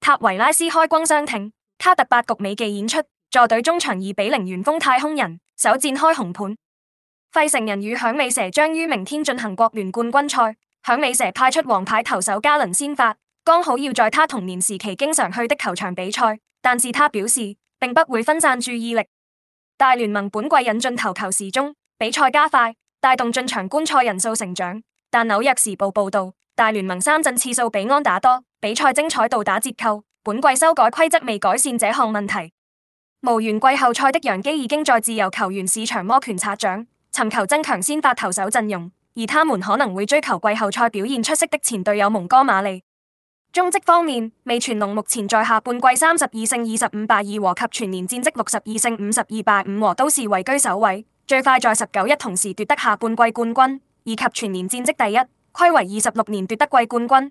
塔維拉斯開轟相挺，卡特八局美技演出，助隊終場二比零完封太空人，首戰開紅盤。費城人與響尾蛇將於明天進行國聯冠軍賽，響尾蛇派出王牌投手加倫先發，剛好要在他童年時期經常去的球場比賽，但是他表示並不會分散注意力。大聯盟本季引進投球時鐘，比賽加快，帶動進場觀賽人數成長，但紐約時報報道，大聯盟三振次數比安打多。比賽精彩度打折扣，本季修改規則未改善這項問題。無緣季後賽的洋基已經在自由球員市場摩拳擦掌，尋求增強先發投手陣容，而他們可能會追求季後賽表現出色的前隊友蒙哥馬利。中職方面，味全龍目前在下半季三十二勝二十五敗二和及全年戰績六十二勝五十二敗五和都是位居首位，最快在十九日同時奪得下半季冠軍，以及全年戰績第一，暌違二十六年奪得季冠軍。